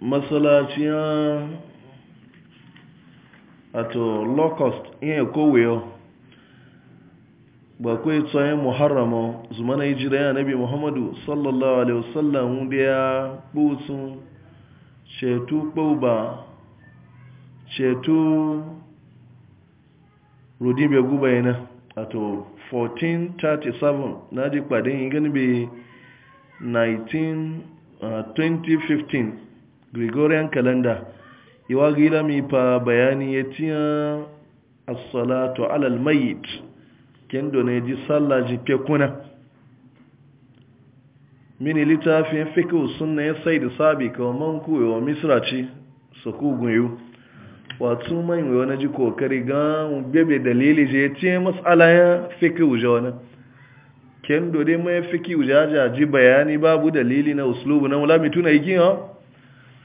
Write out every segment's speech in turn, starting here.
masalaciyar ato locust ihe koweyo ba kwai tsayin muharrama zuma na ijira ya nabi muhammadu sallallahu alaihi wasallam da ya kputsu ceto kpauba shetu rodibe guba yana ato 1437 na ji kpadin gani bi 19 uh, 2015 gregorian calendar iwa gila mi fa bayani ya tiya as-salatu ala al kendo ne ji sallah ji pekuna mini littafin fiqh sunna ya said sabi ko man ku misra ci, su ku gunyu wato mai wani ji kokari ga bebe dalili je tiya mas'ala ya wuje jona kendo dai mai fiqh jaja ji bayani babu dalili na uslubu na mulami tuna ikin ha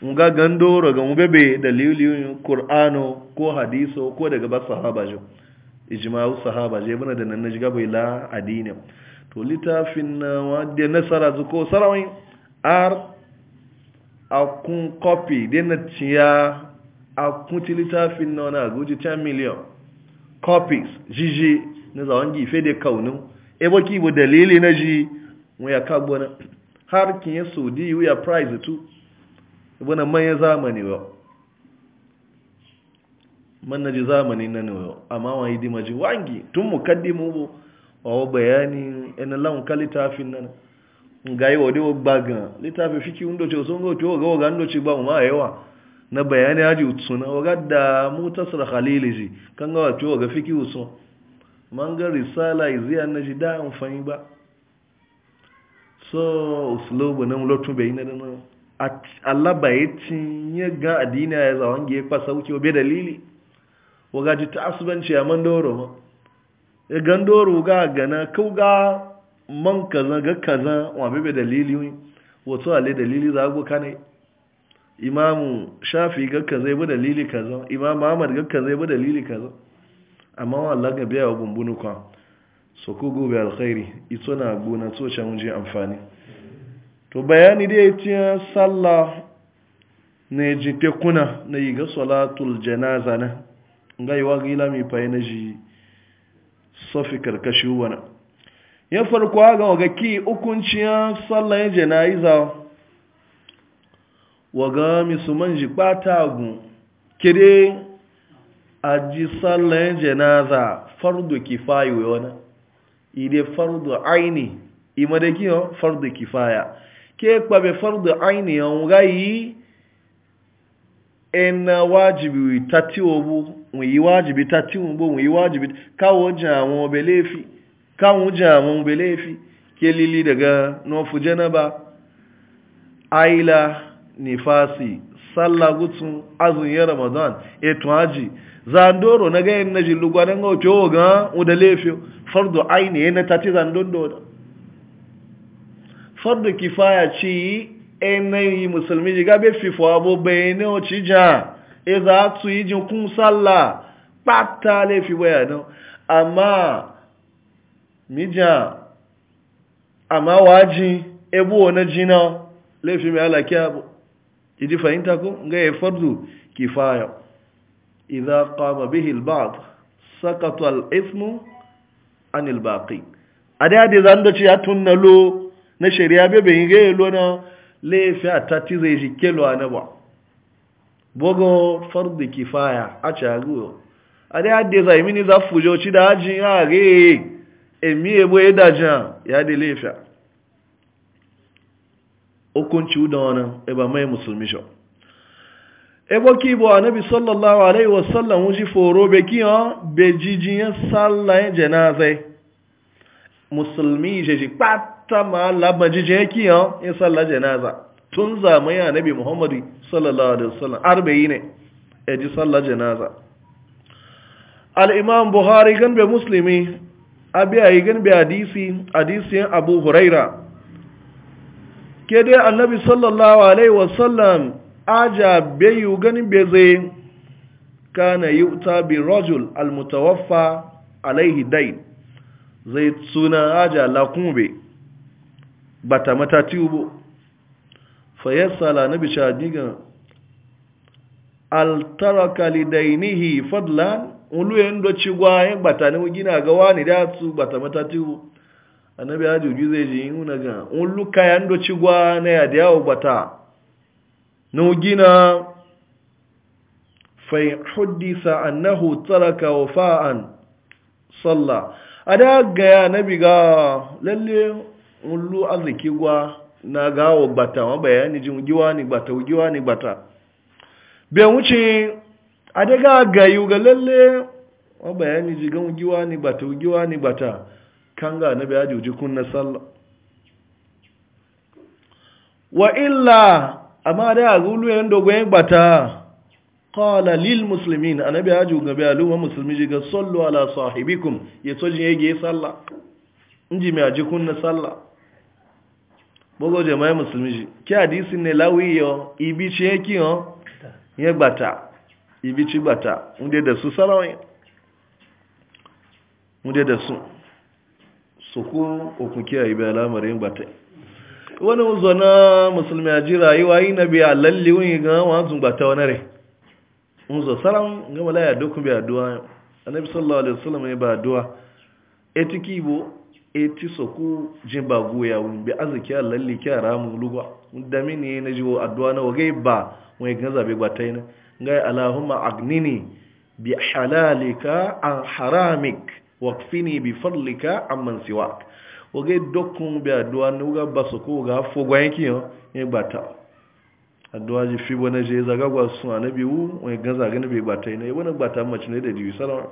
nga gando daga mu bebe dalilin qur'ano ko hadiso ko daga ba sahaba jo ijma'u sahaba je bana da nan na jiga bai la adini to litafin na wadda nasara zuko sarawin ar akun copy de na tiya akun ti litafin na na guji 10 million copies jiji na zawon gife da kaunin ebo ki bu dalili na ji mu ya kagbo na har kin ya di ya price tu ibana manyan zamani yau man ji zamani nan yau amma wa yi dimaji wangi tun mu kaddimu bu wa bayani en lan kalitafin nan ngai wodi dewo baga litafi fiki undo ce sun go to ga ga undo ce ba mu ma yawa na bayani haji utsuna wa gadda mutasar khalili ji kan ga to ga fiki uso manga risala izi na ji da amfani ba so uslubu nan lotu bayina da nan Allah bai cinye ga adina ya zawon ga ya kwasa wuce obe dalili waga ji ta asibanci a man doro ma ya gan doro ga gana kau ga man kaza ga kaza wa bebe dalili wato ale dalili za ku kane imamu shafi ga kaza ya bi dalili kaza imamu ahmad ga kaza ya bi dalili kaza amma wa Allah ga biya wa bumbunu kwa so ku gobe alkhairi ito na gona to can amfani to bayani da ya ce sallah na ji tekuna na yi ga salatul janaza na ga yi mai fayi na ji sofi karkashi wana ya farko ga waga ki ukunciyar sallah ya jana'iza waga musulman ji ɓata gun kire a ji sallah ya janaza fardu kifayi wani ide fardu aini ima da kiyo fardu kifaya ke kpabe fardu aini yan gayi en wajibi tati obu wọ́n yí wájìbí tàtí wọ́n bó wọ́n yí wájìbí káwọ́ jẹ́ àwọn ọbẹ̀ léèfì káwọn jẹ́ àwọn ọbẹ̀ léèfì kí lílí daga nọ́fù jẹ́nàbà àìlà nífàsì sallagutun azunyẹ ramadan eto, aji, zandoro na gayin na jilugwa don ga ogan wadda léèfì Fardu aini na tati zandondo. da fardu kifaya ci enayi musulmi ji gabe fifo abo bayani oci ja e za tu yi jin kun salla pata le fi waya don amma mija amma waji ebu wani jina laifi mai alaki abu idi fahimta ko ga ya e fardu kifaya Iza qama bihi al-ba'd saqata al-ithmu anil baqi adai adai zan da ci ya tunnalo na shari'a be bai ga yelo na laifi a tati zai shi kelo a na ba bogo fardu kifaya a caguyo a dai hadde zai mini za fujo ci da haji ya re emi ebo ya e daja ya de laifi hukunci da wani eba mai musulmi shi ebo ki bo anabi sallallahu alaihi wa sallam wuji foro be ki on be jijin sallah janaza musulmi je je pat ta ma labajije yake yawon ya sallah janaza tun zamani a nabi muhammadu sallallahu alaihi wasallam arba'i ne ya ji sallah janaza al'imam buhari gan bai musulmi Abiyayi, a yi gan bai hadisi hadisiyan abu huraira ke dai annabi sallallahu alaihi wasallam aja bai yi gan zai kana yi uta bi rajul al-mutawaffa alaihi dain zai suna aja lakunbe bata matati ubo sala na bisha diga altaraka lidainihi fadlan uluye ndo chigwa yin bata ne gina gawa wani da su bata matati ubo anabi ya juju zai ji yin ga uluka ya ndo chigwa na ya da yawo bata na gina fai huddisa annahu taraka wafa'an sallah a da ga ya nabi ga lalle mulu aziki gwa na gawo gbata wa bayani ji giwa ni gbata ujiwa ni gbata bai wuce a daga gayu ga lalle wa bayani ji gan giwa ni gbata ujiwa ni gbata kan ga na bayani ji kunna sallah wa illa amma da gulu yan dogon gbata qala lil muslimin annabi haju ga bi aluma muslimi ga sallu ala sahibikum ya jin yage sallah inji mai aji kunna sallah gbogbo jama'i musulmi ṣe kí àdísí ní yọ ibi tí ẹ kí hàn yẹ gbàtà ibi tí gbàtà ń dé dẹ̀sùn yẹn ń dé dẹ̀sùn sòkó òkun kí ibi àìbẹ̀ alámarin gbàtà wani uzo na musulmi a ji rayuwa yi na biya lalle wani ga wanzun gbàtà wani rẹ̀ uzo sáráwìn gama láyà dókun biya duwa annabi sallallahu alaihi wasallam ya ba etí kí ibo eti soku jimba ba goya wun bi azikiya lalli kya ramu lugwa da mini na ji addu'a na wagai ba wani ganza bai gbatai na ngai alahumma agnini bi halalika an haramik waqfini bi fadlika an mansiwa wagai dokun bi addu'a na wuga ba soku ga fogwa yanki yo ne gbata addu'a ji fi bona je zaga gwa sun anabi wu wai ganza gani bai gbatai na wani gbata mace ne da jibi salama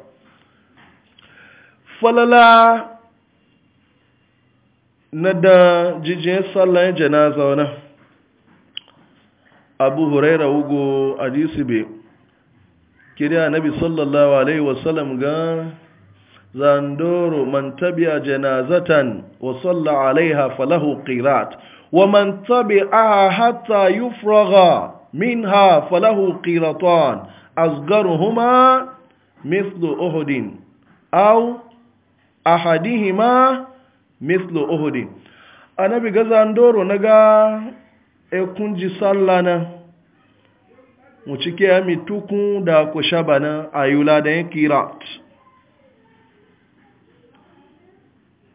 falala na da jijiyar sallan janaza wani abu huraira wugo hadisi be kiri annabi sallallahu alaihi wasallam ga zandoro man tabi'a janazatan wa salla alaiha falahu qirat wa man tabi'aha hatta yufraga minha falahu qiratan asgaruhuma mithlu uhudin aw ahadihima mislo ohudi anabi gaza ndoro na ga ekunji sallah na mu cike ya mitukun da ku shaba na ayula da yin kirat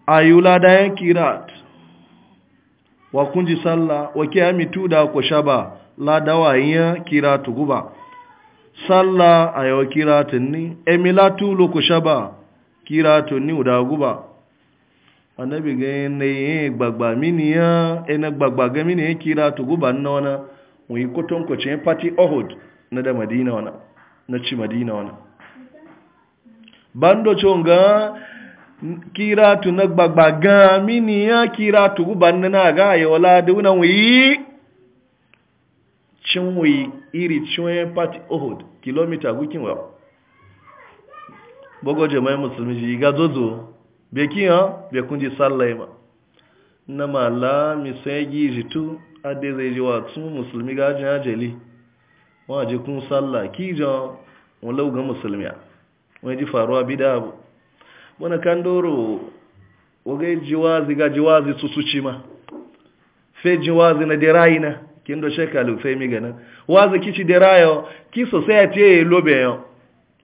ayula da yin kirat wa kunji sallah wa ke ya mitu da ku shaba ladawa ya kiratu guba sallah a yau kiratun ni emilatu lo ku shaba kiratun ni uda guba annabi ga na gbagba mini ya gbagba ga mini kira to guba na wana mu yi ko kwacin fati ohud na da madina wana na ci madina wana bando chonga kira tu na gbagba ga mini ya kira to guba na ga ya wala da wuna mu yi iri cin fati ohud kilomita gukin wa bogo jama'i musulmi ji ga zozo bai kiyan bai ji sallai ba na mala misai gijitu adai zai ji tun musulmi ga jin ajali wọn ji kun sallah kijan wọn lauga musulmiya wọn ji faruwa bida abu wani kan doro wagai jiwazi ga jiwazi su ci ma fe jiwazi na derayi na kin do shekalu fe mi gana wazi kici derayo ki society lobe yo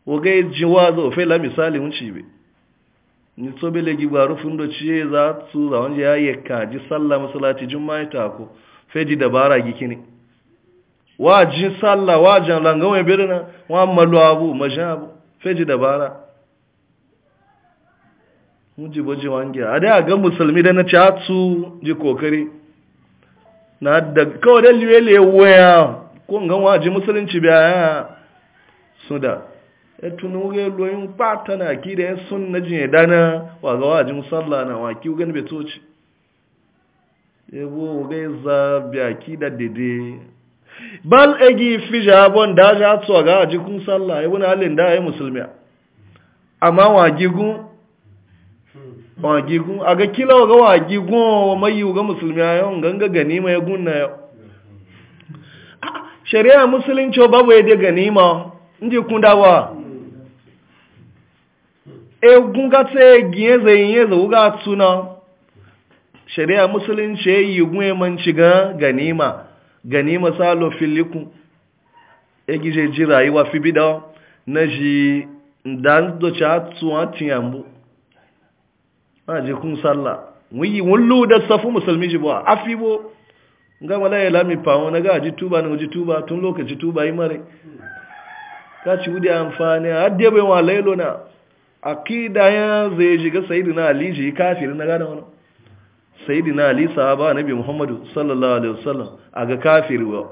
wagai jiwazi o fe la misali ci be ni so bele gi gbaru fundo ciye za su za wanda ya yekka ji sallah masallaci juma'a ta ko feji dabara gi kini wa ji sallah wa jan langawe birna wa malu abu majabu feji dabara muji boje wange a da ga musulmi da na su ji kokari na da kawai da liwele waya ko ngan ji musulunci biya su da tun wuge loyin pata na ki da sun na jin dana wa ga wajin sallah na wa ki ugan be toci ebo ga za biya ki da dede bal egi fija jabon da ja to ga ji kun sallah ebo na halin da ai e musulmi amma wa gigun wa gigun aga kila ga wa gigun wa mai ga musulmi ayon ganga gani mai gunna yau ah, shari'a musulunci babu ya de ganima ndi kundawa egun ga tse giye zayin za wuga tuna shari'a musulunci ya yi gwe man shiga ganima ganima salo filiku ya gije ji rayuwa fi bida na ji dan doce atuwa tiyambu a ji kun sallah wuyi wullu da safu musulmi ji ba afibo ga wala ya lami pawo na ga ji tuba na ji tuba tun lokaci tuba yi mare ka ci wudi amfani a hadde bai wa lailona aqida ya zai shiga sayidina ali ji kafirin na gane wani sayidina ali sahaba nabi muhammadu sallallahu alaihi wasallam a ga kafiri wa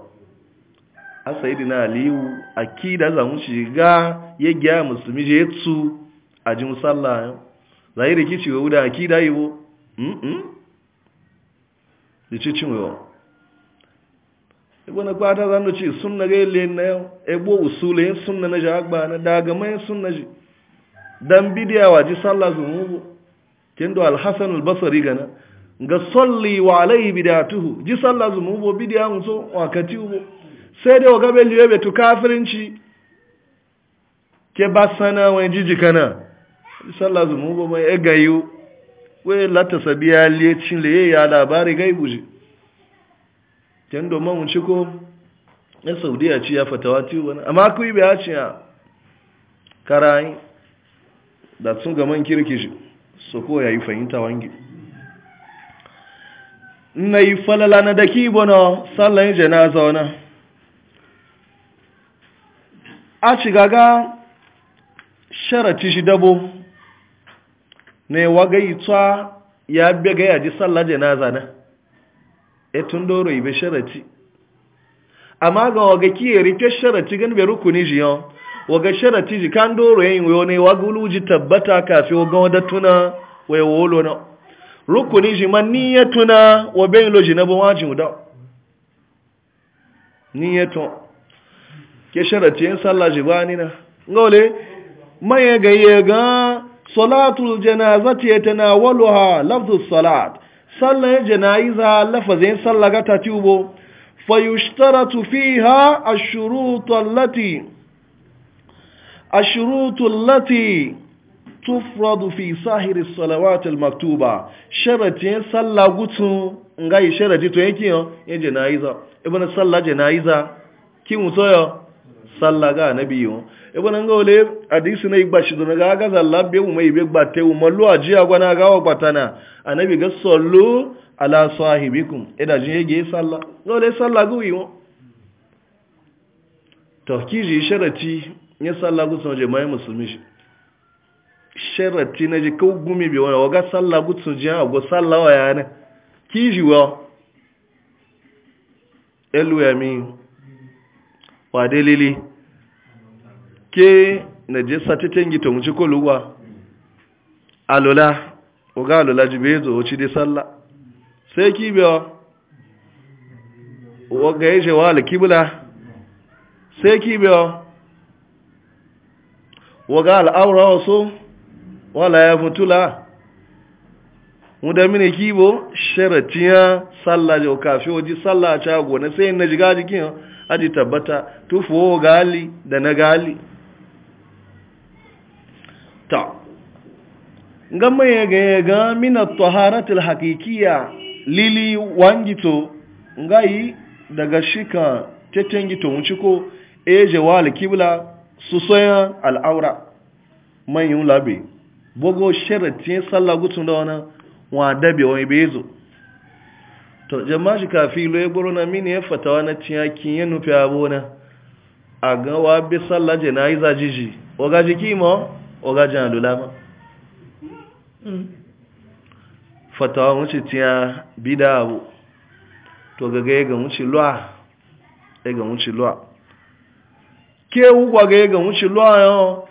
a sayidina ali akida za mu shiga ya ga musulmi je tsu a ji musalla zai da kici wa da akida yi bo mm da ci cin wa ibo na kwata zan ci sunna gele ne yau ebo usule sunna na jagba na daga mai sunna ji dan bidiya waji sallah zunubu kendo al-hasan al-basri gana ga salli wa alayhi bidatuhu ji sallah zunubu bidiya muso wakati ubo sai dai ga beliye be to kafirinci ke basana wai jijikana sallah zunubu mai egayu wai la tasabiya liye cin le e ya labari gaibu ji kendo man wuce ko na saudiya ci ya fatawa tiwo amma ku yi bayaci ya karayi da sun ga man kirki shi su ko ya yi fahimta wangi na yi falala na da kibo na sallan janaza wana a shiga gaga sharati shi dabo Na waga yi tsa ya biya ga ji sallan janaza na e tun doro yi ibe sharati amma ga waga kiye rike sharati gan bai rukuni jiyon waga shara tiji kan doro yayin wayo ne waga uluji tabbata kafi waga wada tuna waya wolo na rukuni ji man niyatuna wa bayin loji na bawajin da niyato ke ti yin sallah ji bani na ngole maye ga ga salatul janazati waluha lafdhu salat sallan janaiza lafazin salla ga tatiubo fayushtaratu fiha ash-shurut allati الشروط التي تفرض في ساهر الصلوات المكتوبة شرطين salla gutu ngai sharadi to yake yo ya janaiza ibn salla janaiza ki muto salla ga nabi yo ibn nga ole hadisi na igba shi don ga ga salla be mu mai be gba te mu lu aji agwa na ga wa patana anabi ga sallu ala sahibikum ida jin yege salla ole salla ga wi to ki sharati ya sallah gutsun je mai musulmi shi sharati na je ko gumi bi wani waga sallah gutsun je a go sallah wa yana ji wa elu ya mi wa delili ke na je sati tengi to mu ci ko luwa alola waga alola be zo ci de sallah sai ki biyo waga je wa kibla sai ki bi wa. waga al'aura wasu wala ya mutula mu mini kibo sharatiya sallah jau kafi waje sallah ca gona sai na jiga jikin aji tabbata tufuwa gali da na gali ta gama ya ga ya ga mina taharatul hakikiya lili wangito ngayi daga shika tetengito to wuciko eje wal kibla su soya al'aura manyan labe bugo sharatin sallah gutsun da wani wa dabe wani bezo to jama'a shi kafi lo ya buru na mini ya e fatawa na ciyakin ya nufi abona a gawa bi sallah jana'iza jiji oga jiki ma oga jan lulama hmm. fatawa wuce tiya bida abu to gaga ya ga wuce luwa ya ke wugwagaye ga wuce luwayo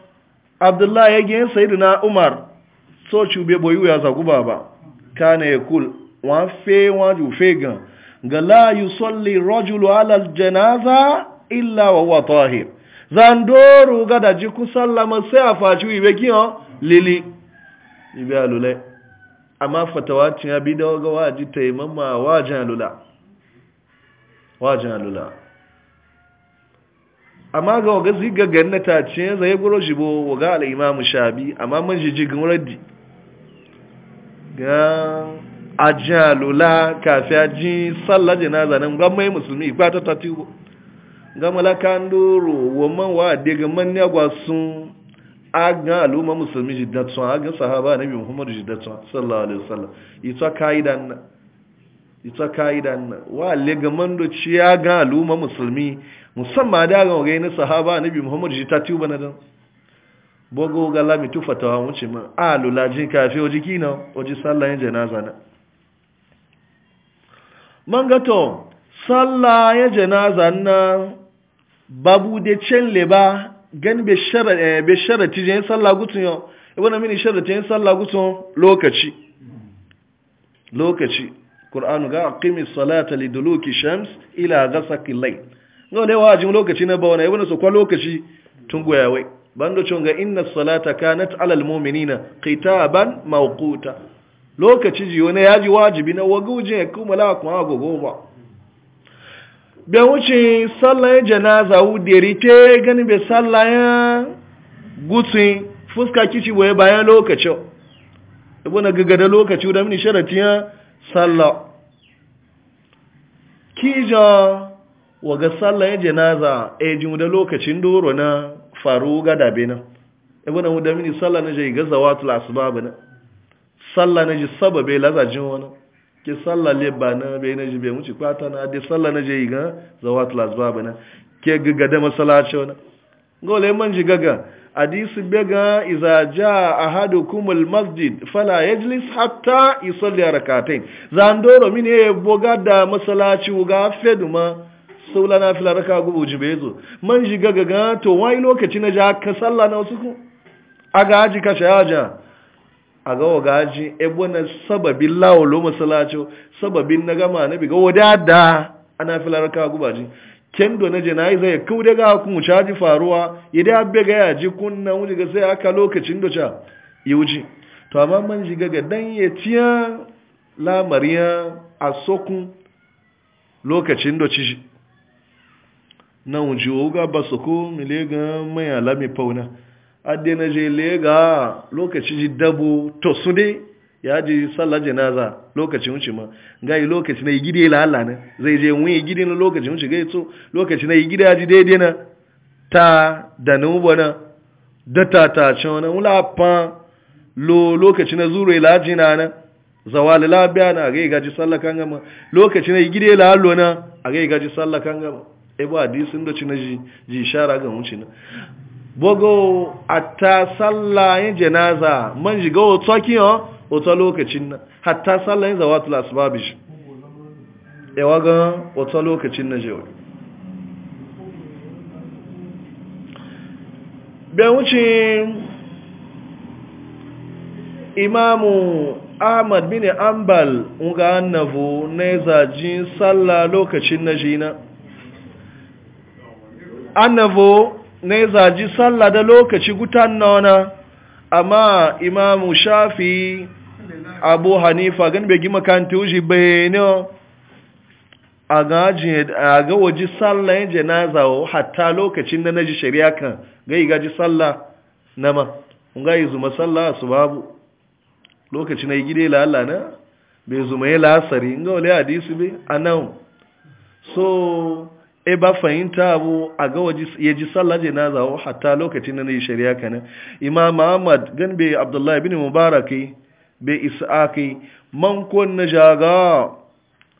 abdullahi ya gen sayidu na umar so cube boyu ya zagu baba kana ya kul wọn fe wọn ju fe gan ga la yi solli rajulu alal janaza illa wa wa tahir zandoro ga da ji sallama sai a faci ibe kiyan lili ibe alulai amma fatawa cin abi da waga waji taimama wajen alula wajen alula amma ga waga ziga gannata ce zai guro shi bo waga al'imamu shabi amma man shi ji gan raddi ga ajalula kafi aji sallar janaza nan ga musulmi ba ta tati bo ga malaka ndoro wa man wa de ga man ne gwa a aga aluma musulmi ji a tun aga sahaba nabi muhammadu ji da sallallahu alaihi wasallam ita kaidan ita kaidan wa le ga man do ci aga aluma musulmi musamman da ga ga na sahaba nabi muhammad ji ta tuba na dan bogo ga lami tufa ta hawa wuce ma alu ah, lajin kafe oji kina oji sallah janaza na man ga sallah ya janaza na babu da can le ba gan be shara eh, be shara tijin yau. gutun yo e mini sharati tijin sallah gutun lokaci lokaci qur'anu ga aqimi salata liduluki shams ila ki layl no ne wajin lokaci na ya ibn su kwa lokaci tun goya wai bando cin ga inna salata kanat alal mu'minina qitaban mawquta lokaci ji wani yaji wajibi na wagujin ya kuma la kuma ago ba bi wuce sallan janaza u derite gani be sallan gutsin fuska kici boye bayan lokacin ibn gagada lokaci da mini sharatiya sallah kija waga sallayen janaza e jimu da lokacin doro na faru ga dabe na ebe na muda mini sallah na jai gaza watu ba na sallah na ji sababe lazajin wani ke sallah leba na bai na ji bai wuce kwata na dai sallah na jai ga zawatu ba na ke gaga da masalaci wani gole man ji gaga hadisi bega iza ja ahadukum almasjid fala yajlis hatta yusalli rak'atayn zan doro mini e boga da masalaci ga feduma saula na fila raka gubu ji bai man ji gaga gato to lokaci na ja ka sallah na wasu ku a gaji ka a gawa gaji ebo na sababin lawolo masalacin sababin na gama na biga da ana fila raka gubu ji kendo na je jana'iza ya kau daga kun caji faruwa idan abbe ga yaji kunna wuce ga sai aka lokacin ca ya wuce to amma man ji gaga dan ya tiya lamariya a sokun lokacin doci na wuji wuga ba su ko milega mai alami fauna adde na je lega lokaci ji dabo to su dai ya ji sallar janaza lokacin wuce ma gai lokaci na yi gide la Allah ne zai je wun yi gidi na lokacin wuce gai to lokaci na yi gide ya ji daidai na ta da nubo na da ta ta can na wula fa lo lokaci na zuro ila jina na zawali labiya na a gai gaji sallakan gama lokaci na yi gide la Allah na a gai gaji sallakan gama ebo sun da na ji shara ga wuce na bogo ta sallah yin janaza man shiga otu kiyo otu lokacin na hatta sallah yin zawatul shi ewa ga otu lokacin na jewa bayan wuce imamu ahmad bin ambal nga annabu na zajin sallah lokacin na jina annabo ne zaji sallah da lokaci gutan nona amma imamu shafi abu hanifa gan bai gima kan tuji bayani a ga waji sallah yin janaza hatta lokacin da naji shari'a kan gai gaji sallah na ma ga yi zuma sallah su babu lokaci na yi gide la na bai zuma yi lasari ga wale hadisi bai nan so e ba fahimta abu a ga ya ji sallah na zawo hatta lokacin da yi shari'a kana imam ahmad gan be abdullah bai mubaraki be isaki man kon na jaga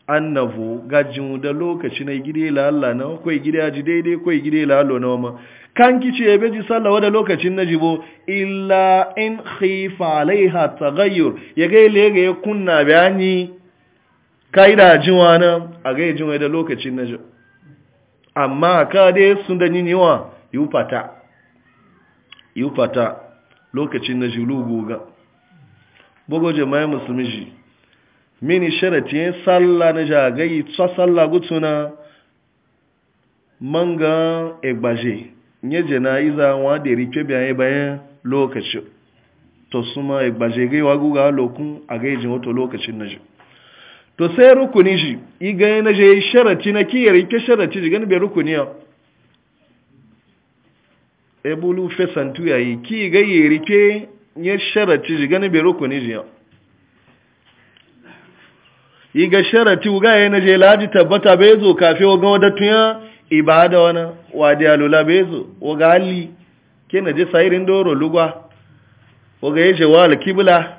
annabu gajin da lokaci na gide la Allah na koi gide ji daidai kai gide la Allah na ma kan kici ya ji sallah wada lokacin na jibo illa in khifa alaiha taghayyur ya ga ile ga ya kunna bayani da jiwana a ga jiwa da lokacin na jibo amma ka dai sun da yinyiwa yi fata yi fata lokacin na jilu goga bugu jama'ai musulmi ji mini sharati yin tsalla na jagayi tsa tsalla gutuna manga egbaje nye jana'iza wa da rike bayan bayan lokacin to suma egbaje gaiwa guga lokun a gaijin wato lokacin na jilu to sai rukuni shi iga na je sharati na kiyar ike sharati gani bai rukuni ya ebulu fesantu ya yi ki ga rike ya sharati gani bai rukuni ji ya iga sharaci uga ya na je laji tabbata bai zo kafe wa ga wadatu ya ibada wani wadi alula bai zo wa ga hali ke na je sairin doro lugwa wa ga yi je wa alkibla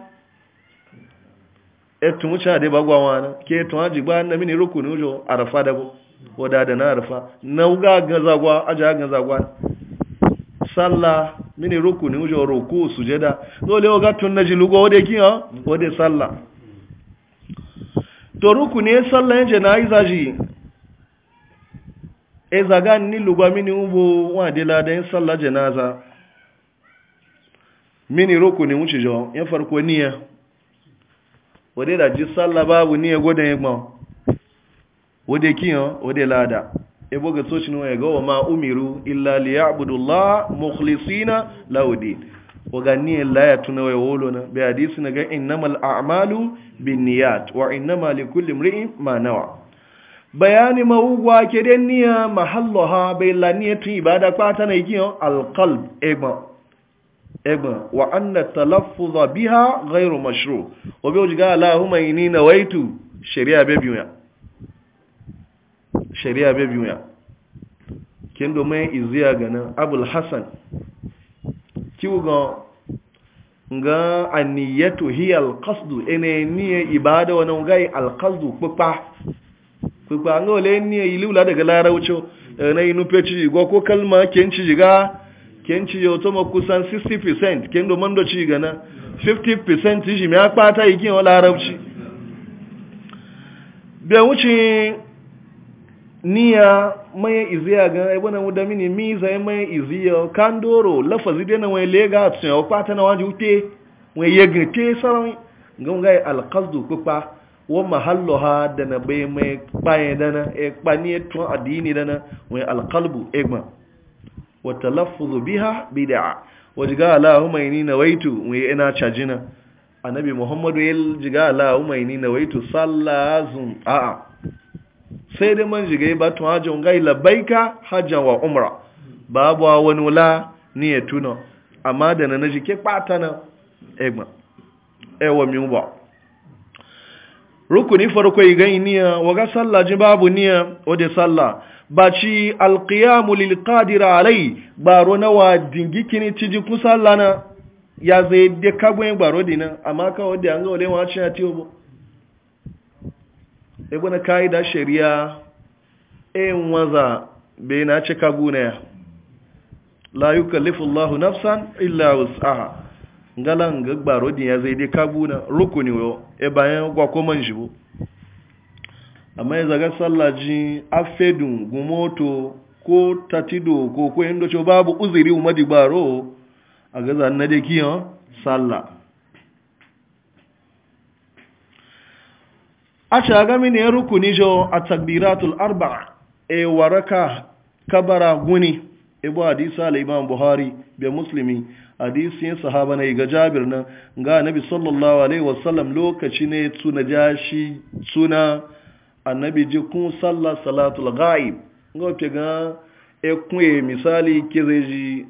etu mucha de bagwa wana ke to aji ba na mini ruku nujo arafa da bo wada da na arafa na uga gaza gwa aja gaza gwa sallah mini ruku nujo ruku n'o dole oga tun e ji lugo wode o wode sallah to ruku ni sallah je na izaji e zaga ni lugo mini ubo wa de la da sallah janaza mini ruku ne mucho yan farko niya wadda da ji sallah babu e ni ya gwada ya gbọn wadda kiyan wadda lada ebo ga soci nuna ya gawa ma umiru illa liya abudullah mukhlisina laudin waga ni ya laya tuna wai na bai hadisi na ga innamal a'malu bin niyat wa innama li kulli imri'in ma nawa bayani mawugwa ke den niya mahalloha bai laniya tun ibada kwata na igiyan alqalb egbon ebe wa anna talaffuza biha gairu mashru wa bi wajiga allahumma na waitu sharia be biya sharia be biya kin do mai iziya gana abul hasan kiwuga nga aniyatu hiya alqasdu ene niye ibada wa ngai alqasdu pupa pupa ngole niye ilu la daga larawcho ene inu peci go ko kalma kenci jiga ci yau to kusan 60% ken domin da ci gana 50% ji mai akpata yi kin wala arabci be wuce niya mai iziya ga e mu da mini mi zai e mai iziya kandoro lafazi dena wai lega tsun o pata na wanji ute wai yegin te saron ngon ga alqasdu kupa wa mahalluha dana bai mai paye dana e panie tun adini dana wai alqalbu egma wa talaffuzu biha bid'a wa jiga ni na nawaitu mu ina cajina annabi Muhammadu ya jiga na waitu? nawaitu sallazun a'a sai dai man jigai ba tun hajjan gai labaika hajjan wa umra babu wani wula ni ya tuna amma da na ke kwata na egma ewa mi ba rukuni farko yi gani niya waga sallah ji babu niya wadda sallah ba ci alƙiyamu lilƙadira alai gbaro na wa dingikini ci ji kusa lana ya zai de kagbe gbaro dina amma ka wadda an ga wale wa ci na ti obo ebe na ka'ida shari'a e waza bai na ci kagu na ya la yi kalifullahu nafsan illa wasu'aha ngalan gbaro din ya zai de kagbu na rukuni wa e bayan amma ya zaga sallaji afedun gumoto ko tatido ko ko indo cho babu uziri umadi baro a gaza na da kiyan salla a shaga mini ya rukuni jo a takbiratul arba'a e waraka kabara guni ibu hadisa al-imam buhari bi muslimi hadisin sahaba na ga jabir nan ga nabi sallallahu alaihi wasallam lokaci ne tuna jashi tuna annabi ji kun sallah salatul ghaib ngo pe ga e kun e misali kireji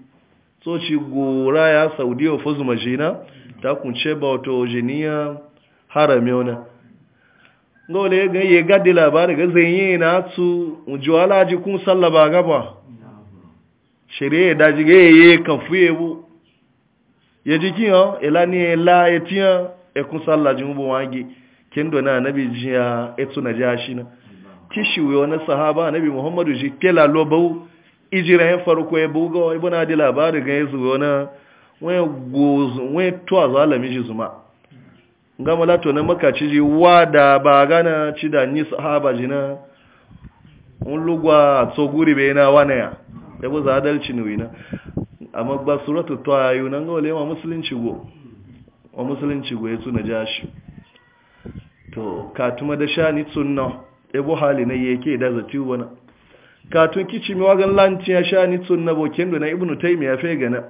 so ci gora ya saudi o fuzu majina ta kun ce ba to jiniya harami ona ngo le ga ye ga labari ga zanyi na su ujwala ji kun sallah ba gaba shari'a da ji ga ye kan fuye bu ye ji kin o elani ela etian e kun sallah ji mu bo wangi kendo na nabi jiya etu na jiya shi na kishi wuyo na sahaba nabi muhammadu ji kela lobau ijira ya farko ya buga ibu na di labari ga ya zuwa na wani tuwa zalami ji zuma gama malato na makaci ji wada ba gana ci da ni sahaba ji na un lugwa a tsoguri bai na wane ya ya bu za adalci nuwi na amma ba suratu tuwa yayu nan ga wale ma musulunci go wa musulunci go ya tuna jashi to katuma da sha ni tsunna ebo hali na yake da zati wana katun kici mi wagan lanci ya sha ni tsunna boken na ibnu ya fe gana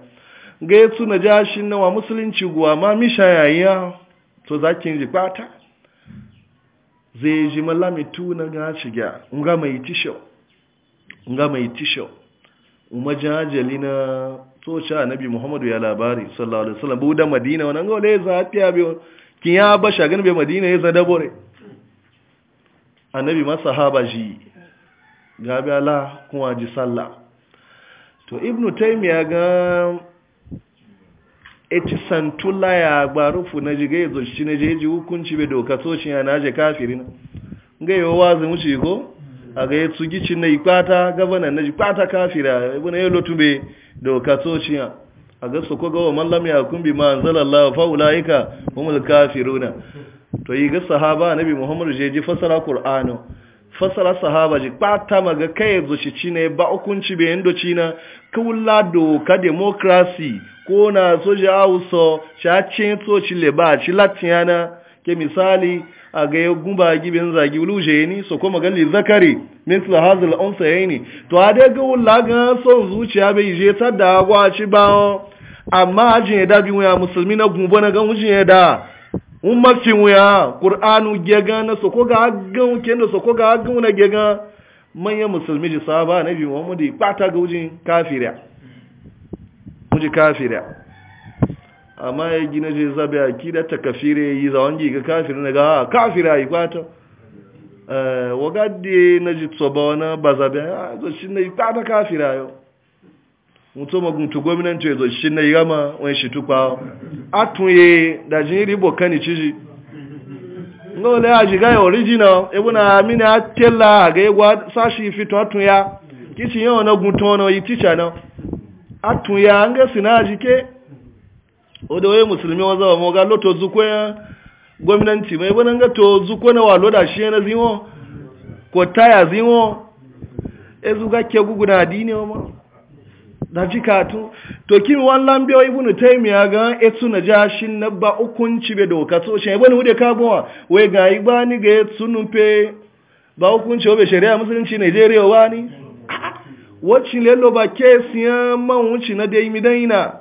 ga yatsu na jashin nawa musulunci guwa ma mi shayayya to zakin ji kwata zai ji malami tuna ga shiga nga mai tisho nga mai tisho umajajali na socha nabi muhammadu ya labari sallallahu alaihi wasallam da madina wannan gole wale zafiya biyo kin ya ba be bai madina ya zada bore annabi ma sahaba ji gabi ala kuma ji sallah to ibnu taymiya ga eti santula ya gbarufu na jiga yazo shi na jeji hukunci bai doka tocin ya na kafirin ga yi wazin wuce ko a ga yatsu gicin na ikwata gabanan na jikwata kafira na ya lotu bai doka tocin ya a ga su koga wa mallam ya kun bi ma Allah fa ulaika humul kafiruna to yi ga sahaba nabi muhammad je ji fasara qur'ano fasara sahaba ji pata maga kai shi cine ba hukunci be indo cina kula doka democracy ko na soja auso cha cin to le ba chi latiana ke misali a ga ya gumba gibin zagi luje ni so kuma li zakari misla hazil unsa yani to a da ga wula ga son zuciya bai je ta da ci ba amma ajin ya dabi wuya musulmi na gumba na ga wujin ya da un wuya qur'anu ga na so ko ga ke na so ko ga ga na ga manyan musulmi ji sahaba nabi muhammadu kwata ga wujin kafira wuji kafira amma ya gina je zabe a kida ta kafire yi za wangi e ga kafir na ga kafira yi kwata wagadde na ji tsoba wani ba zabe a zo shi na yi kwata kafira yau mutu maguntu gwamnati ya zo shi na yi gama wani shi tukwa atunye da jin ribo kani ciji ngo le aji ga original ebuna amini atella ga egwa sashi fito atunya kici yau na guntono yi teacher na atunya ke oda wai musulmi wanzu ba moga tozu zuko ya gwamnati mai gwanan ga to zuko na walo da shi na zimo ko taya zimo e zuga ke gugu na adini ma da jikatu to kin wan lambe wa ibnu ya ga etu na jashin na ba hukunci be doka so shi ibnu hude Wa wai ga ibani ga etsu numpe ba hukunci obe shari'a musulunci Najeriya wani wacce lelo ba kesi ya man wuce na dai midaina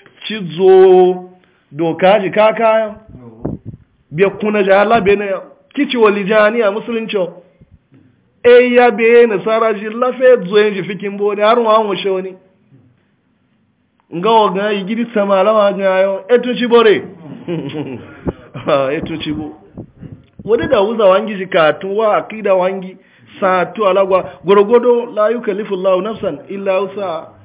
cizo doka ji kaka biya kuna jahala bene kici walijani a musulunci e ya na tsara ji lafe zuwa yin jifikin bode har wa mu shoni nga wa yi gidi sama lawa ga yau etun ci bore ah, etun ci bo wadda da wuza wangi ji katu wa akida wangi sa alagwa gorogodo la yukallifu lau nafsan illa usa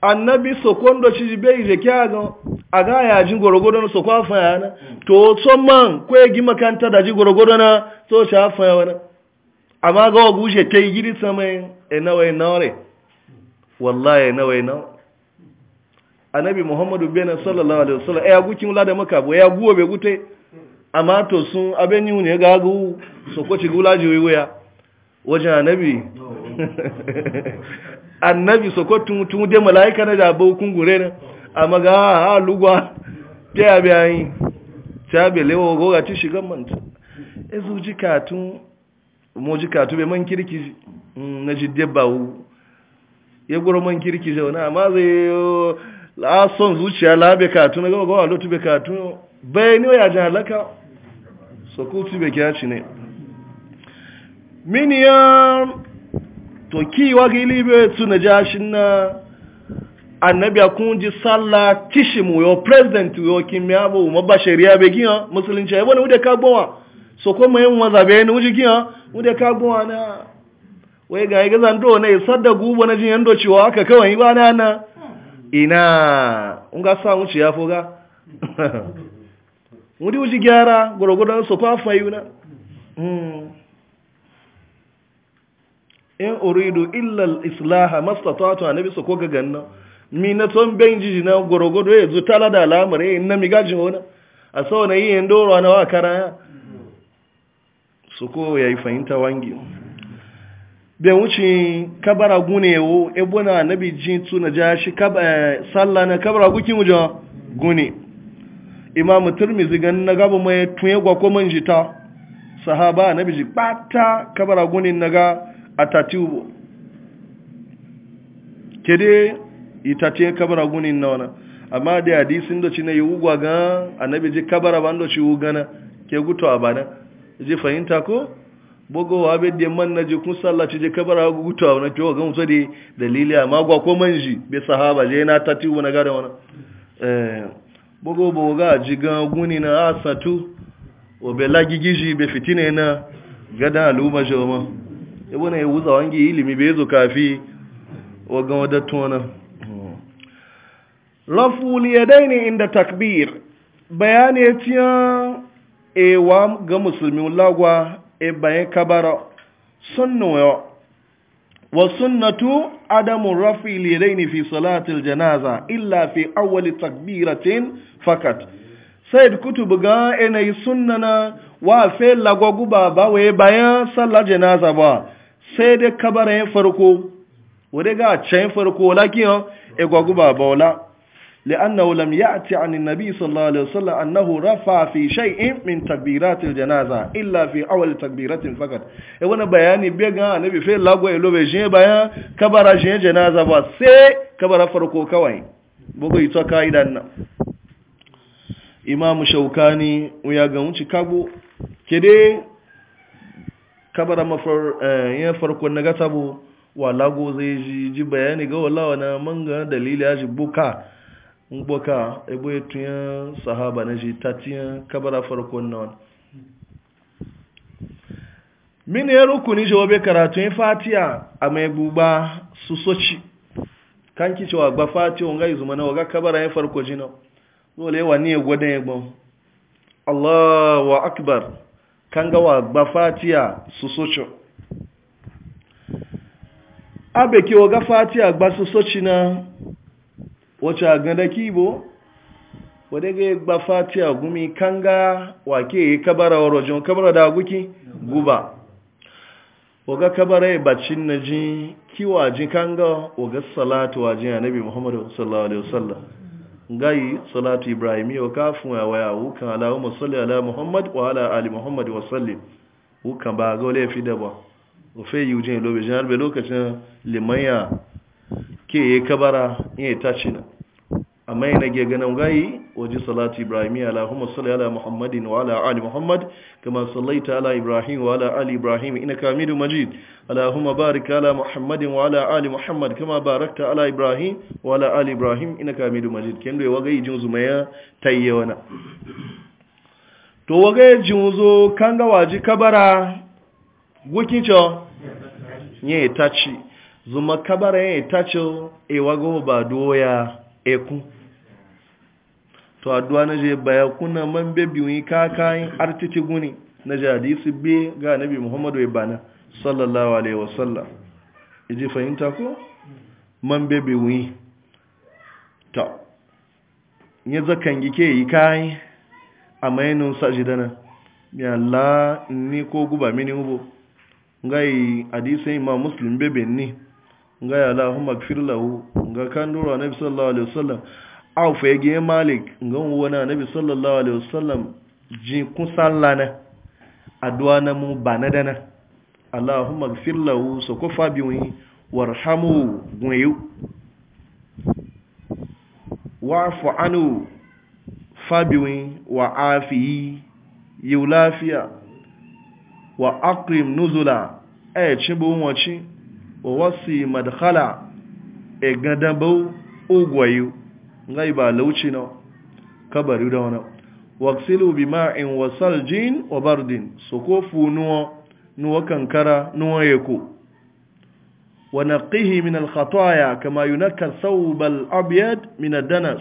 annabi sokondo ci be je kyago aga ya ji gorogodo so kwa fa na to so mm. man kwe gi makanta da ji gorogodo na so sha fa wana amma ga ogu je te gidi samai e nawa e nawre mm. wallahi nawa e annabi muhammadu bin sallallahu alaihi wasallam e agu kin lada maka bo ya guwo be gute mm. amma to sun abeni ne ga agu so ci gulaji wewe ya wajen annabi annabi soko tun de malaika na jabo kun gure na amma ga ha ah, ah, lugwa te abi ayi tabe lewo go ga ci shigan manta ezu jikatu mo jikatu be man kirki mm, na jidde bawu ya goro man kirki zauna amma zai la son zuciya la be katu na ga ga lotu be katu bai ne ya jalaka sokutu be kyaci ne min to kiwa ga ilibe tu na jashin na annabi kun ji sallah kishimu yo president yo kimya bo ma ba sharia be giya musulunci ai wani ude ka gbowa so ko mai waza be ni uji giya ude ka gbowa na wai ga ga zan do ne sadda gubo na jin yando ciwa aka kawai ba na na ina unga sa mu ya foga mudi uji gyara gorogodan so kwa fayuna mm in uridu illa islaha mastatatu mastata'tu nabi su ko ga ganna mi na ton benji na gorogodo ya zu tala da lamare eh, in na migaji wona a so na yi ndoro na wa karaya su ko yayi fahimta wangi bai wuce kabara gunewo ebuna anabi jin tuna ja shi eh, sallah na kabara guki mu gune imam turmizi gan na gaba mai tuye gwa ko manjita sahaba nabi ji bata kabara gunin ga. atati ubo kede itati kabara gunin na wana amma da hadisin da cina yi ugwa ga annabi je kabara bando ci ugana ke guto abana ji fahimta ko bogo wa be de man na je kun sallaci je kabara guto abana ke ga mutu dalili amma gwa ko manji be sahaba je na tati ubo na gada wana eh bogo boga ji ga na asatu wa be lagigiji be fitina na gada aluma joma ibuna ya wuza wangi ilimi bai zo kafi wagan wadattu nan rafu daini inda takbir bayani ya ciya ewa ga musulmi lagwa e bayan kabara sunnuwa wa sunnatu adamu rafi daini fi salatul janaza illa fi awali takbiratin fakat said kutubu ga yanayi e sunnana wa fe lagwaguba ba waye bayan sallar janaza ba sai dai kabara ya farko wadai ga can farko laki yau egwagu baba wula li'annahu lam ya ati a ni nabi sallallahu alaihi wasallam annahu rafa fi shay'in min takbiratil janaza illa fi awal takbiratin fakat e wani bayani bai ga anabi fe lagwa ilo bai bayan kabara jiye janaza ba sai kabara farko kawai bugu ito ka'idan nan imamu shaukani wuya ga wuce kago kabara mafar eh, yan farko na gata bu wa lago zai ji ji bayani ga wala na manga dalili ya ji buka mboka ebo ya tuya sahaba na ji tatiya kabara farko na wani mini ya rukuni jawabe karatu yin fatiya a mai buba su sochi kan ki cewa gba fatiya wanga izuma na waga kabara yin farko jina dole wa ni ya gwada ya gbon Allah wa akbar Kanga wa ba fatiya su soci abe ki ga fatiya gba su soci na wacce a ganda bo wadda ga gba fatiya gumi kan ga wake yi kabara wa rojin kabara da guki guba waga kabara ya e bacin na ji kiwa ji kan ga salatu wa ji anabi muhammadu sallallahu alaihi wasallam gai salatu ibrahimi wa kafin wa waya wukan alawu musalli ala muhammad wa ala ali muhammad wa salli wukan ba ga wale fi daba o fe yi ujin lobe jihar bai lokacin limanya ke yi kabara iya tashi na amma yana ge ganin gayi waje salatu ibrahimiyya allahumma salli ala muhammadin wa ala ali muhammad kama sallaita ala ibrahim wa ala ali ibrahim innaka hamidum majid allahumma barik ala muhammadin wa ala ali muhammad kama barakta ala ibrahim wa ala ali ibrahim innaka hamidum majid kendo ya wagai jin ya tayye wana to waga jin zo kanga waji kabara gukincho ne tachi zuma kabara ne tacho e wago ba doya ekun to addu'a na je baya kuna man be biyu kakayin artiti guni na je hadisi be ga nabi muhammadu ibana sallallahu alaihi wasallam iji fahimta ko man be biyu ta ne zakan gike yi kai a mayanin sajidana ya la ni ko guba mini ubo ngai hadisi imam muslim be ni ngai allahumma gfir lahu ngai kan dora nabi sallallahu alaihi wasallam auf ya ge malik ngan na annabi sallallahu alaihi wasallam ji kusan lana addu'a na mu ba na dana allahumma gfir lahu so ko fabi wi warhamu gwayu wa'fu anhu fabi wi wa afi yu lafiya wa akrim nuzula e chibu wachi wa wasi madkhala e gadan bau ugwayu ngai ba lauci na kabari da wani waksilu bi ma'in wasal jin wa bardin su ko funuwa nuwa kankara nuwa ya ku Wani ƙihi min alkhatoya khataya kama yunakka thawb al-abyad min adanas.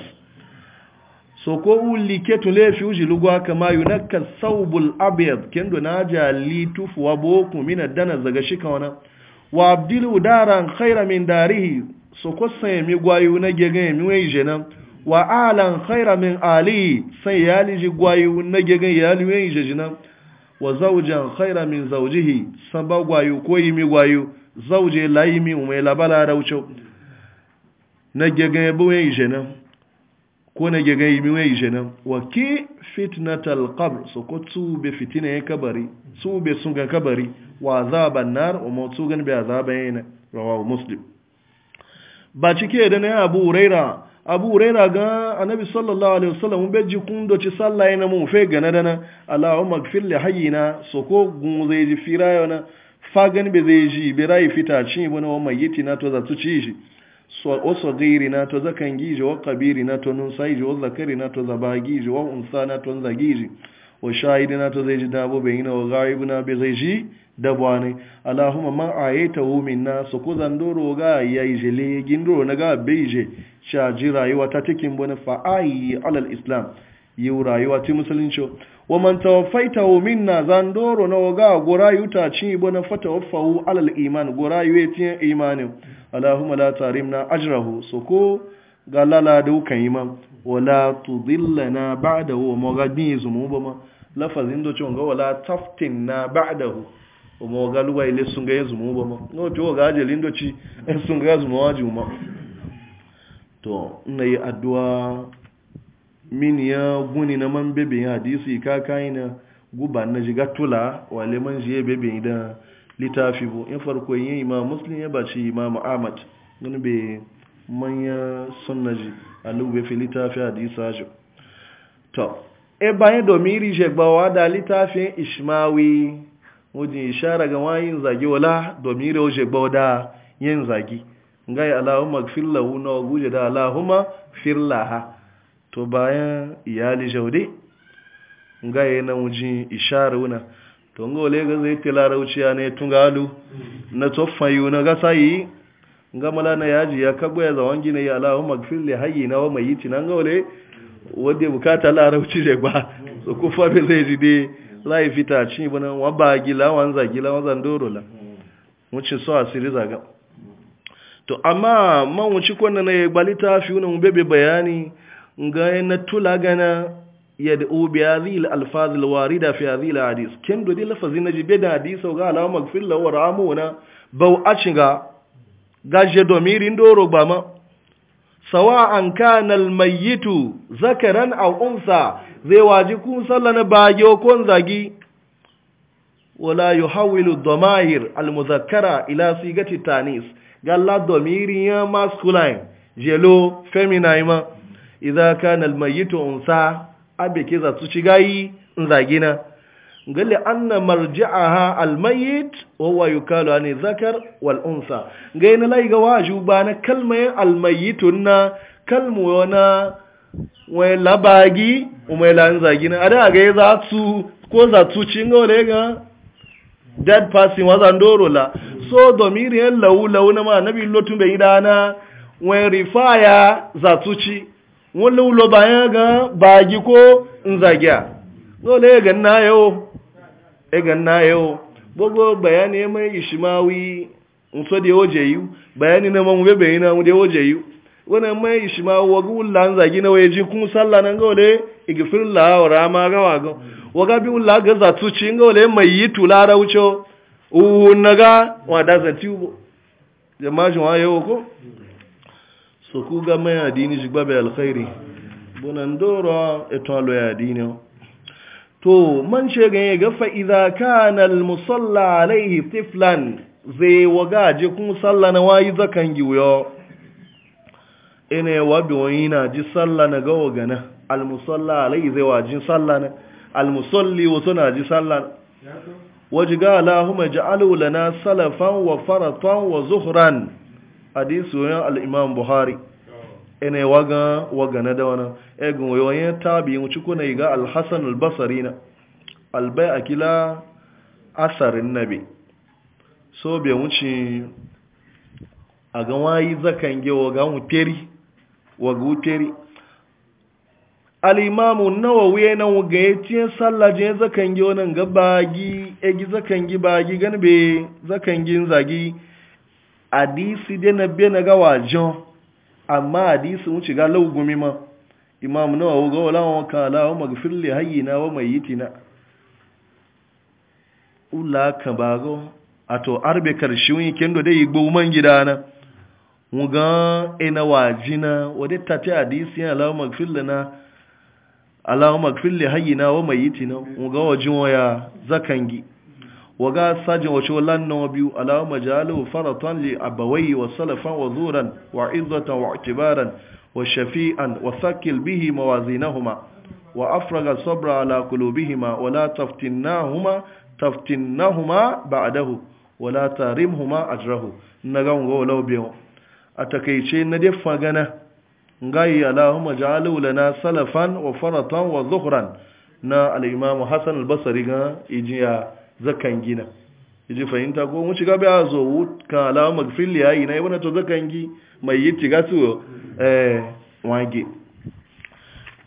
so ko ulike to le fi uji lugwa kama yunakka thawb al abiyad kendo na jali tufu boku min adanas daga shika wani. wa abdilu daran khaira min darihi so ko san mi gwayu na gegen mi wai jena wa alan khaira min ali san yali ji gwayu na gegen yali wai jena wa zawjan khaira min zawjihi san ba gwayu ko yi mi gwayu zauje layi mi bala labala raucho na gegen bu wai jena ko na gegen yi mi wai jena wa ki fitnatal qabr so ko tu be fitina ya kabari tu be sunga kabari wa azaban nar wa mutsugan bi azaban yana rawahu muslim ba cike da na abu raira abu raira ga annabi sallallahu alaihi wasallam be ji kun do ci sallaye na mu fe gana dana allahumma gfir li hayyina so gun zai ji firayo na fagan be zai ji be rai fita ci bana wa mayyiti na to za tu ci shi so o sagiri na to kan gije wa kabiri na to nun sai ji wa zakari na to zabagi ji wa unsa na to za zagiji wa shahidina to zai ji dabo bai yana wa ghaibuna bai zai ji dabo ne allahumma man ta wumin na su ku zandoro ga yi jele gindoro na ga bai je sha ji rayuwa ta tikin bana fa'ayi alal islam yi rayuwa ti musulunci wa man ta hu minna zandoro na ga yi ta ci fata wafawu alal iman gorayu ya tiyan imanin alahuma la na ajrahu su ku ga lala da ukan yi ma wala na ba'dahu wa magadin zumu ba ma lafazin do chonga wala taftin na ba'dahu wa magaluwa ile sunga yanzu ba ma no to ga ajalin do ci e sunga zumu waji ma to na yi addu'a min ya guni na man bebe hadisi ka kaina guba na jiga tula wale man jiye bebe da littafi bu in farko yin imam muslim ya bace imam ahmad gani be manyan sunnaji a lube fi littafi hadisa shi to e bayan iri shekbawa da littafin ishmawi wajen ishara ga wayin zagi wala domin iri shekbawa da yin zagi ngai allahumma firlahu na guje da allahumma firlaha to bayan iyali jaude ngai na wajen ishara wuna to ngole ga zai tilarauciya ne tungalu na tsoffan yi na gasa yi ngamala na yaji ya kagwe ya zawon na ya Allahu magfir li hayyi na wa mayyiti nan gole wadda bukata larauci uchire ba so ku fa be zai jide lai fita ci bana wa ba gila wanza gila wanza ndoro doro la mu so asiri zaga to amma man wuci konna na balita fi una mu bebe bayani ga na tula gana yad'u bi hadhihi al-alfaz al-warida fi hadhihi al-hadith kin do lafazin naji be da hadisi ga Allahu magfir lahu wa rahmuhu bau achinga. gaje domirin doro ba ma sawa an kana almayitu zakaran a unsa zai waji kun sallana bage ko zagi wala yuhawilu dhamair almuzakkara ila sigati tanis galla domirin ya masculine jelo feminine ma idza kana almayitu unsa abe kiza su cigayi zagina gali anna marji'a ha almayit wawa yi kalu a zakar wal'unsa Gai yi na laiga waju ba na kalmayin almayitun na kalmuyo na wai labagi umai lanzagi na adaga ga yi zatu ko zatu cinga wale ga dead person wazan doro la so domiri yin laulau na ma nabi lotun bai dana wai rifaya zatu ci wani laulau bayan ga bagi ko nzagiya Zo ne ganna yau egan na yau gbogbo bayani mai ishimawi nso da oje yi bayani na mamu bebe yi na mu da oje wani mai ishimawi waga wula zagi na waje kun salla na ga igifin igifir la wa rama ga waga waga bi wula ga zatuci ga wale mai yi tulara wuce na ga wada zati ubo wa ko so ku ga mai adini alkhairi bunan doro eto alo ya to man shege ga gafa idan kana musalla alaihi tiflan zai waga ji kun salla na wayi zakan giyo ina wabi wani na ji salla na ga wagana al musalla alayhi zai wajin salla na al musalli na ji salla ga allahumma ja'alu lana salafan wa faratan wa zuhran hadisi al imam buhari ina waga wagana da wannan egun tabi tabi'in ci kuna ga al-hasan al-basri na albai akila asarin nabi so bai wuce a ga wayi zakan ge wa ga muteri wa ga muteri al-imamu nawawi yana ga yace sallaje zakan ge wannan ga bagi e gi zakan gi bagi ganbe zakan gin zagi hadisi de na be na ga wajon amma hadisi wuce ga laugumi ma imam nawa ga wala wa kala wa magfir li hayyina wa mayyitina ula ka bago ato arbe karshiwin kendo dai igbo man gidana muga ina wajina wadai tati hadisi ya wa magfir lana ala wa magfir li hayyina wa mayyitina muga wajin waya zakangi waga sajin wace wallan na biyu wa majalu faratan li abawai wa salafan wa zuran wa izzatan wa itibaran وشفيئا وثقل به موازينهما وأفرغ الصبر على قلوبهما ولا تفتناهما تفتناهما بعده ولا تارمهما أجره نغان غولو بيو أتكيشي ندف فغنا غاي اللهم جعلوا لنا سلفا وفرطا وظهرا نا الإمام حسن البصري إجيا زكان جينا yaji fahimta ko mun shiga bai a zo kan alama magfil yayi na ibn to eh wage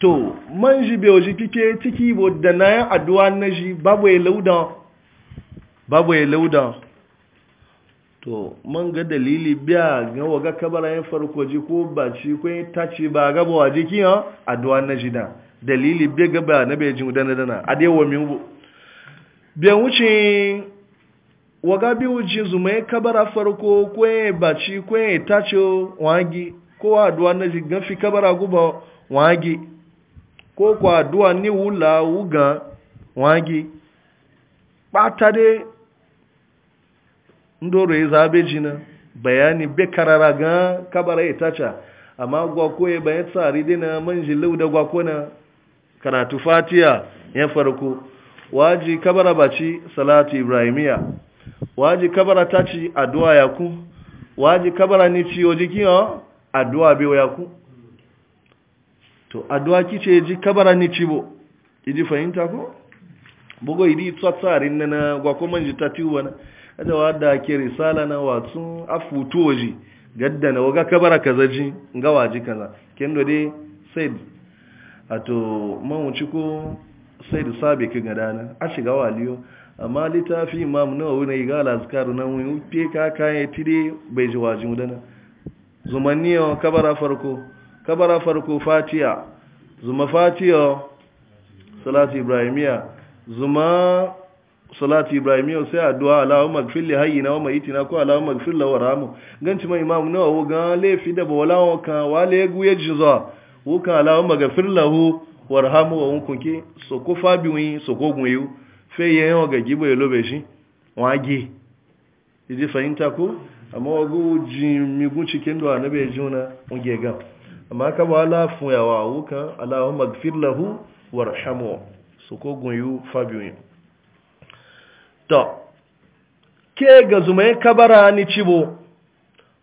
to man ji be oji kike tiki bo da na addu'a na ji babu ya lauda babu ya lauda to man ga dalili biya ga waga kabarayen farko ji ko baci ko tace ba ga bawa jiki ha addu'a na ji da dalili biya ga ba na bai jin dana dana a dai wa min biya wuce waga bi wuce zuma kabara farko ko baci ko tace wangi ko aduwa na jigan fi kabara guba wagi ko ko aduwa ni wula wuga wagi bata dai ndoro ya zabe jina bayani be karara ga kabara ya tacha amma gwa ko ya bayan tsari dina manjin lauda gwa ko na karatu fatiya ya farko waji kabara baci salatu ibrahimiya waji kabara ci addu'a ya ku waji kabara ni ciyo jikin addu'a bi waya ku to addu'a kice ji kabara ni cibo idi fahimta ko bugo idi tsatsarin na na gwa ko manji tatiwa na da ke risala na watsun afutoji gadda na waga kabara kaza ji ngawa ji kaza kendo dai said ato mawuci ko sai da sabe kin ga dana a shiga waliyo amma littafi imam nawa ne ga alazkaru nan wuce ka kayan tire bai ji wajin dana zumaniyo kabara farko kabara farko fatiya zuma fatiya salati ibrahimiya zuma salati ibrahimiya sai addu'a allahumma ighfir li hayyina wa mayyitina ko allahumma ighfir lahu warhamu ganci mai imamu ne wa ga lefi da bawala wa ka wale guye jizo wa ka allahumma ighfir lahu warhamu wa ki so ko wi so ko yu fe yen o ga gibo yelo be shi wa gi idi fahimta ko amma wagu jimigun cikin duwa na bai juna unge gan. amma ka ba ala fun yawa wuka allahun magfir lahu warhamu su ko gunyu fabiyoyin to ke ga zumaye kabara ni cibo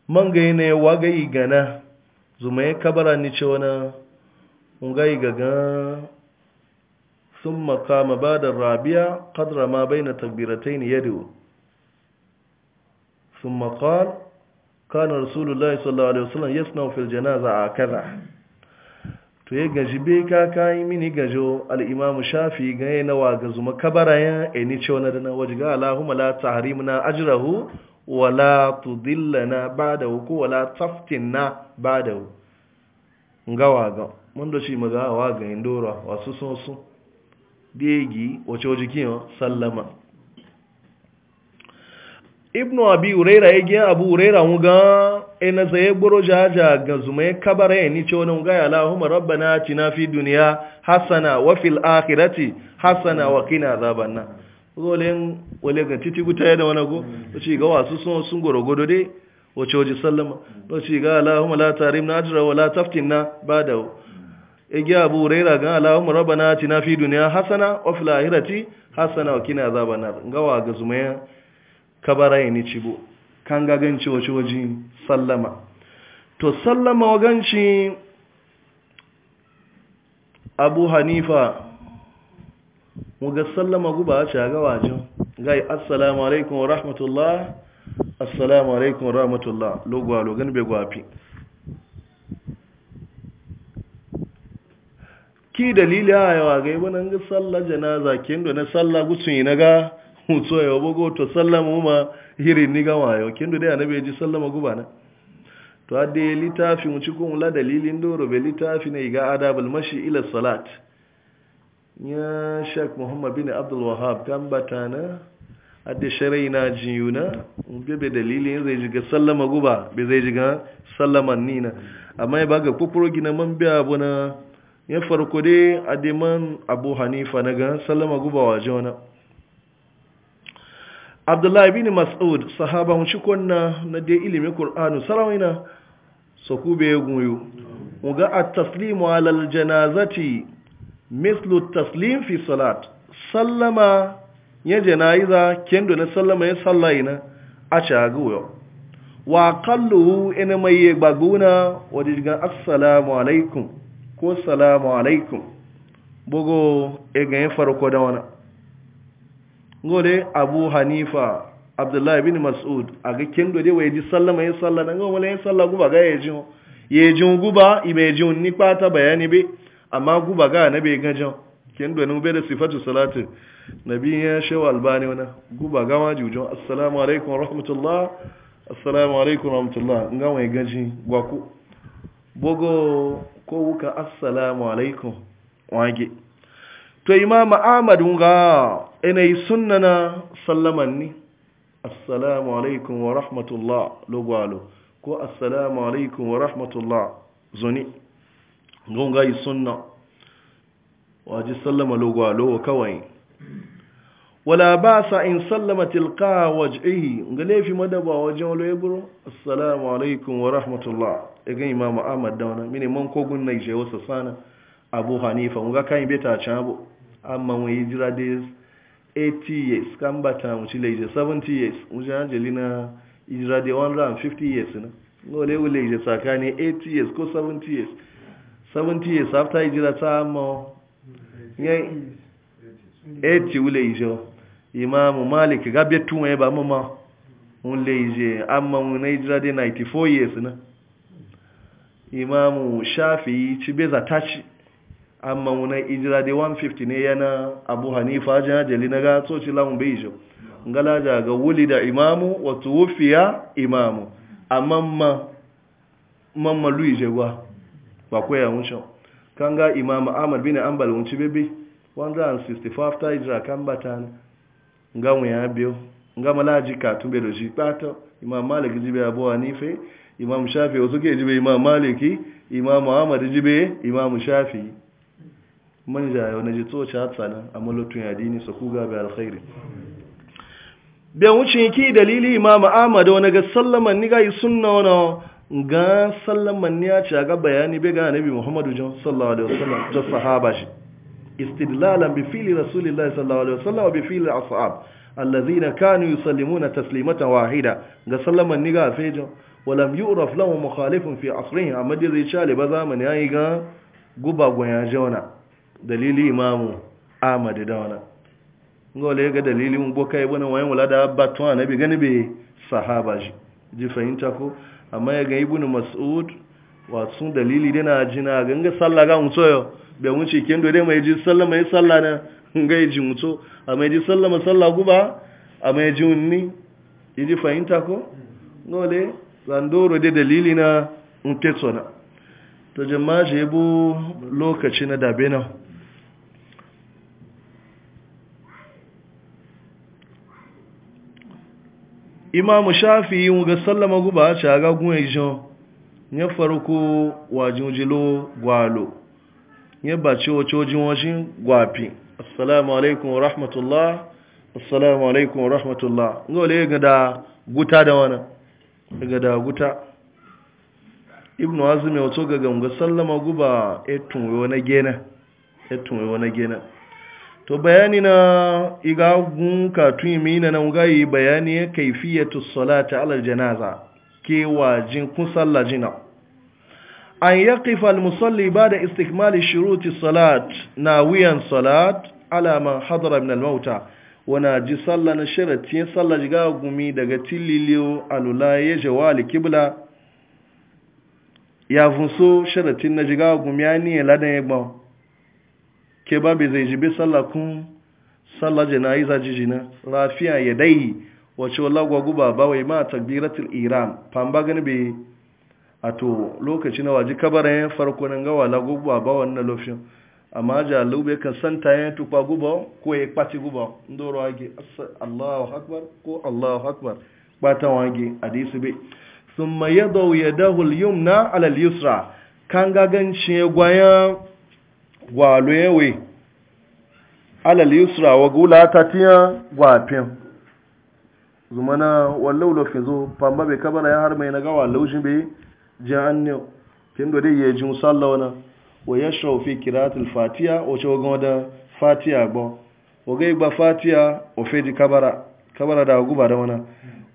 man gai ne wa gai gana zumaye kabara ni ce wani unga yi gaga sun makama ba da rabia kadra ma bai na tabbiratai ni yadda ثم قال كان رسول الله صلى الله عليه وسلم يصنع في الجنازة كذا to ya gajibe ka, kaka yi mini gajo al al'imamu shafi ganye na waga zuma ya eni ce wani dana waje ga alahuma la tahrim na ajirahu wala tudilla na ba da ko wala taftin na ba da hu ga waga mun da shi maga waga indora wasu sun sun degi wace waje kiyon sallama ibnu abi uraira ya gina abu uraira mu ga ina eh, zaye gboro jaja ga ya kabare ni ce wani ga allahumma rabbana atina fi dunya hasana wa fil akhirati hasana wa qina adhabanna zolen wale ga titi guta da wani go to ci ga wasu sun sun goro godo dai wace waje sallama to ci ga allahumma la na ajra wa la taftinna ba'da igi abu uraira ga allahumma rabbana atina fi dunya hasana wa fil akhirati hasana wa qina adhabanna ga wa ga ya kabara ya ni cibo kan gaganci wace waje sallama to sallama waganci abu hanifa muga sallama guba a ce ga wajen gai assalamu alaikum wa rahmatullah assalamu alaikum wa rahmatullah logwa logan bai gwafi ki dalili a yawa ga yi wani ga sallar janaza kendo na sallar gusun yi na ga so ya bugo to sallama ma hirin ni gawa yau kin dai annabi ji sallama guba na to adde litafi mu cikin la dalilin doro be litafi ne ga adabul mashi ila salat ya shek muhammad bin abdul wahhab kan batana ade na jiyuna be be dalilin zai ji ga sallama guba be zai ji ga sallaman nina amma ba ga kokoro gina man biya na ya farko dai man abu hanifa na ga sallama guba wa jona abdullahi bin mas'ud sahaba mun shi konna na dai ilimin qur'anu sarawina so ku be guyu muga at-taslimu ala al-janazati mithlu at-taslim fi salat sallama ya janaiza kendo na sallama ya sallaina a chaguyo wa qallu ina mai gbaguna diga assalamu alaikum ko salamu alaikum bugo e ga farko da wannan ngode abu hanifa abdullahi bin mas'ud a ga kendo dai waye ji sallama ya sallana ga wala ya salla guba ga ya ji ya ji guba ibe ji ni ta bayani be amma guba ga na be ga jan kendo ne be da sifatu salatu nabi ya shaw albani wana guba ga ma jujo assalamu alaikum wa rahmatullah assalamu alaikum wa rahmatullah ga waye ga ji gwa ku bogo ko wuka assalamu alaikum wage to imam ahmad ga yi sunana sallaman ni assalamu alaikum wa rahmatullah logwalo ko assalamu alaikum wa rahmatullah zuni gonga yi sunna waji sallama logwalo kawai wala ba sa in sallama tilka waj'ihi ga laifi madaba wajen wale buru assalamu alaikum wa rahmatullah gani imamu ahmad dauna mini man kogun na ishe wasu sana abu hanifa ga kayan yi beta can abu amma wani jira da 80 years kan bata muci leje 70 years wuce hanjali na ijira da 150 years na lole wule ije tsakani 80 years ko 70 years 70 years after ijira ta amma ya 80 wule ijo imamu malik gabe tun ya ba mama wule ije amma na ijira da 94 years na imamu shafi ci beza tachi amma wuna ijira dai 150 ne yana abu hanifa jajali na ga soci lamun bai jo ngala da ga wuli da imamu wato wufiya imamu amma ma mamma luije gwa ba ko ya wuncin kan ga imamu bi bin anbal wunci bebe 165 ta ijira kan batan nga mu ya biyo nga malaji ka tumbe do shi imam malik jibe abu hanife imam shafi wasu ke jibe imam maliki imam ahmad jibe imam shafi man jayo na ji tsoci hatsanin a malotun yadini su kuga bai alkhairi bai wuce ki dalili imam ahmad wani ga sallaman ni ga yi sunna wani ga sallaman ni ya ce ga bayani bai ga nabi muhammadu jan sallallahu alaihi wasallam ta sahaba shi istidlalan bi fili Rasulillah sallallahu alaihi wasallam wa bi fili ashab alladhina kanu yusallimuna taslimatan wahida ga sallaman ni ga fejo walam yu'raf lahu mukhalifun fi asrihi amma dai zai chale ba zamani yi ga guba gwan ya dalili imamu ahmad da wana ngole ga dalili mun boka ibn wayan wala da batwa nabi gani be sahaba ji ji fahimta ko amma ya ga ibn mas'ud wa sun dalili dana jina ganga sallah ga mutso yo be mun ci kendo dai mai ji sallah mai sallah na ga ji mutso amma ji sallah ma sallah guba amma ji unni ji fahimta ko ngole zandoro da dalili na mutso na to jama'a jebu lokaci na dabe na imamu shafi ga sallama guba a aga gunye jan ya farko wa jinjilo gwalo ya baci wace wajen wajen gwafi assalamu alaikum wa rahmatullah assalamu alaikum wa rahmatullah ngole ga da guta da wani ga da guta ibnu azumi wato ga ganga sallama guba etun wani gena etun wani gena to bayani na igagun katun mina na ngayi bayani ya kaifiyatu salati ala janaza ke wajin kun sallah jina an yaqifa al musalli ba'da Istikmali shuruti salat na wiyan salat ala man hadara min al mauta wana ji sallah na sharati sallah ga gumi daga tililiyo alula ya jawali kibla ya funso sharatin na jiga gumi ya ni ladan ya ke babu zai jibe sallakun sallar jana'iza jijina rafiya ya dai wace wala gwaguba bawai ma takbiratul iram famba gani bai a to lokaci na waji kabarin farko nan ga wala gwaguba ba wannan lofin amma ja lube ka santa ya tukwa guba ko ya kwaci guba ndoro wage Allahu akbar ko Allahu akbar bata wage hadisi bai thumma yadaw yadahu al-yumna ala al-yusra kan gagan shi gwayan gwalo yawe alal yusra wa gula ta tiya gwafin zumana wallau lofi zo pamba be kabara ya har mai na gawa laushin bai ji an kin do dai ya ji musalla wana wa yashra fi qiraatul fatiha o cho wagan da fatiha bo o ga ba fatiha o fe di kabara kabara da guba da wana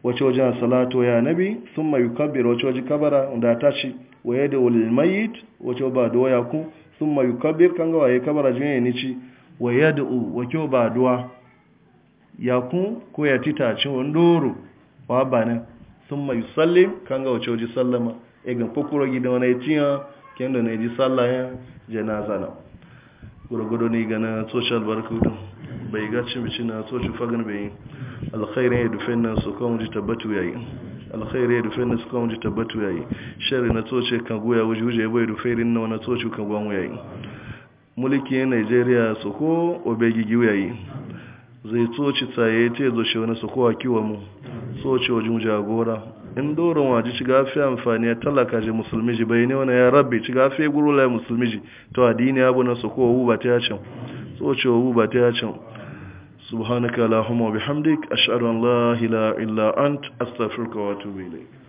wace wajen salatu ya nabi sun mai kabbir wace waje kabara da tashi wa yadda walil mayit wace ba ya ku sun mayu kabir kan gawa ya kabara jin ya ci wa ya da'u wa kyau ba duwa ya kun ko ya tita ci wani doro wa ba nan sun mayu sallim kan gawa cewa waje sallama egan kokoro gida wani ya ken da na ji sallayen janaza na gwargwado ne gana social barkudu bai gaci bici na social fagan bai alkhairin ya dufe na su kawo ji tabbatu yayi alkhairi ya rufe na suka wunji tabbatu yayi shari na tsoce kan goya wuji ya bai rufe rin na na tsoce kan gwan yayi mulki Nigeria su ko obegigi wuyayi? zai tsoce tsaye te zo shi wani su ko akiwa mu tsoce wajen jagora in doron waje ci gafi amfani ya talaka ji musulmi ji bai ne wani ya rabbi ci gafi gurula musulmi ji to addini abu na su ko wu ba ta yacin tsoce wu ba ta yacin subhanaka allahumma bihamdik ashhadu an la ilaha illa ant astaghfiruka wa atubu ilayk